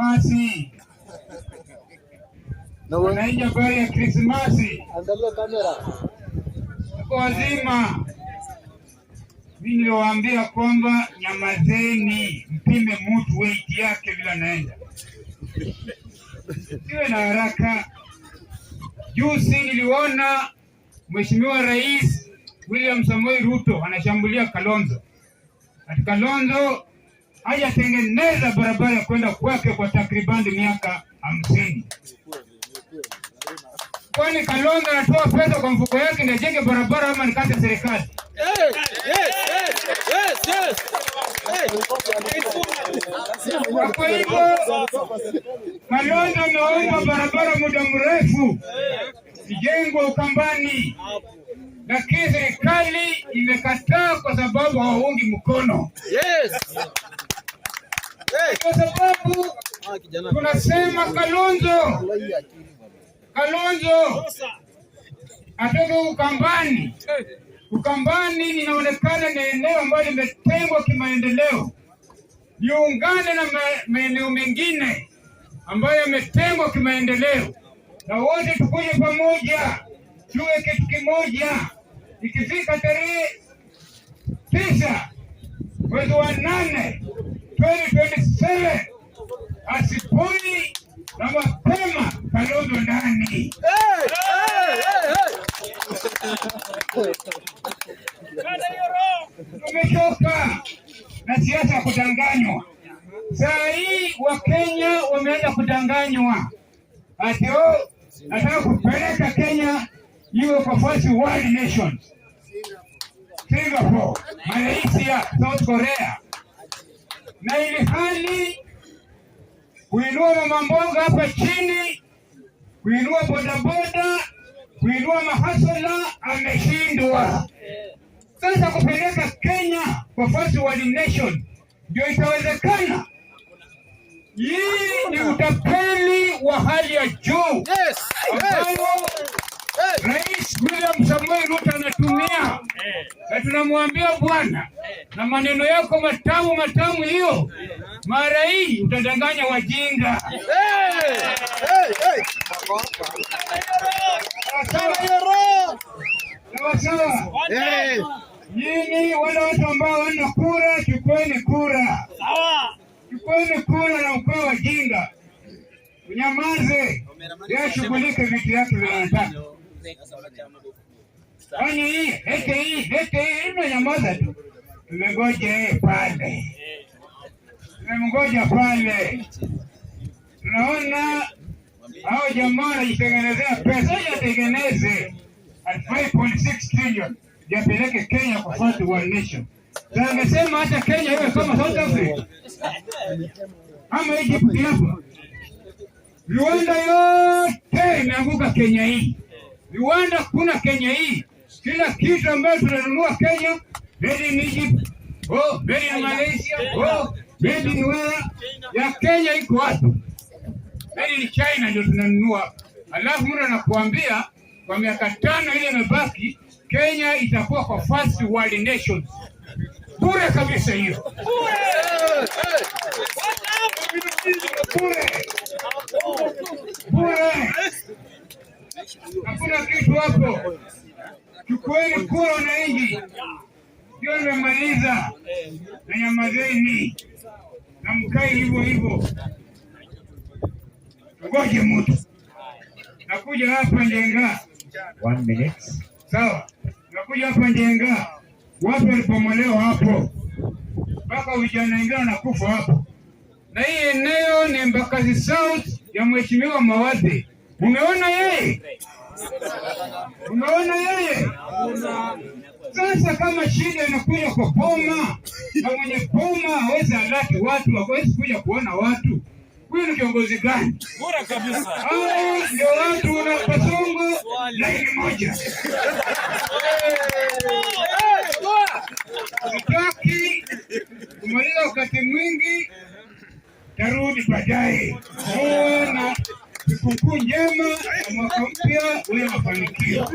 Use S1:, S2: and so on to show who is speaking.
S1: Krismasi wanaija habari ya Krismasi, tuko wazima. Mimi niliwaambia kwamba nyamazeni, mpime mtu weight yake bila naenda, siwe na haraka. Juzi niliona Mheshimiwa Rais William Samoei Ruto anashambulia Kalonzo katika Kalonzo hajatengeneza barabara ya kwenda kwake kwa takribani miaka hamsini. Kwani Kalonzo anatoa pesa kwa mfuko yake niajenge barabara ama nikate serikali? Yes, Kwa hivyo Kalonzo ameomba barabara muda mrefu ijengwa Ukambani, lakini serikali imekataa kwa sababu hawaungi mkono. Yes kwa sababu ah, tunasema Kalonzo, Kalonzo atoke Ukambani. Ukambani inaonekana ni eneo ambayo limetengwa kimaendeleo, liungane na maeneo mengine ambayo yametengwa kimaendeleo, na wote tukuje pamoja, juu ya kitu kimoja. Ikifika tarehe tisa mwezi wa nane 2027 asipuni na mapema Kalonzo ndani. Tumechoka na siasa ya kudanganywa. Saa hii Wakenya wameanza kudanganywa ati oh, nataka kupeleka Kenya iwe kwa first world nations, Singapore, Malaysia, South Korea na ili hali kuinua mamamboga hapa chini, kuinua bodaboda, kuinua mahasala ameshindwa. Sasa kupeleka Kenya kwa fasi wa nation ndio itawezekana. Hii ni utapeli wa hali ya juu Yes. yes. Rais William Samoei Ruto anatumia na tunamwambia bwana, na maneno yako matamu matamu hiyo, mara hii utadanganya wajinga. Nyinyi wale watu ambao wana kura, chukweni kura, chukweni kura na ukawa wajinga, unyamaze, yashughulike vitu yake vinataka Kwani heke heke ino ya moja tu tumengoja pale, tumemngoja pale, tunaona hao jamaa wanajitengenezea pesa, yatengeneze at 5.6 trillion yapeleke Kenya kwa fund one nation. Amesema hata Kenya iwe kama South Africa ama Egypt. Hapo Rwanda yote imeanguka Kenya hii viwanda kuna Kenya hii. Kila kitu ambacho tunanunua Kenya, made in Egypt, oh, made in Malaysia, oh, made in where, ya Kenya iko watu Made in China ndio tunanunua, alafu mtu anakuambia kwa miaka tano ile imebaki Kenya itakuwa kwa first world nations. Bure kabisa hiyo. Bure. Bure hakuna kitu hapo. Chukueni kura wananchi, ndio nimemaliza na nyamazeni na mkae hivyo hivyo, ngoje moto nakuja hapa Njenga. One minute. Sawa, nakuja hapa Njenga, wapo walipomolewa hapo, mpaka vijana wengine wanakufa hapo, na hii eneo ni Mbakazi South ya mheshimiwa mawazi umeona yeye Unaona yeye sasa, kama shida inakuja kwa poma na mwenye poma hawezi alaki watu, hawezi kuja kuona watu, huyu ni kiongozi gani?
S2: Bora kabisa,
S1: ndio watu na pasongo laini moja taki kumaliza wakati mwingi, tarudi baadaye Sikukuu njema ya mwaka mpya wenye mafanikio.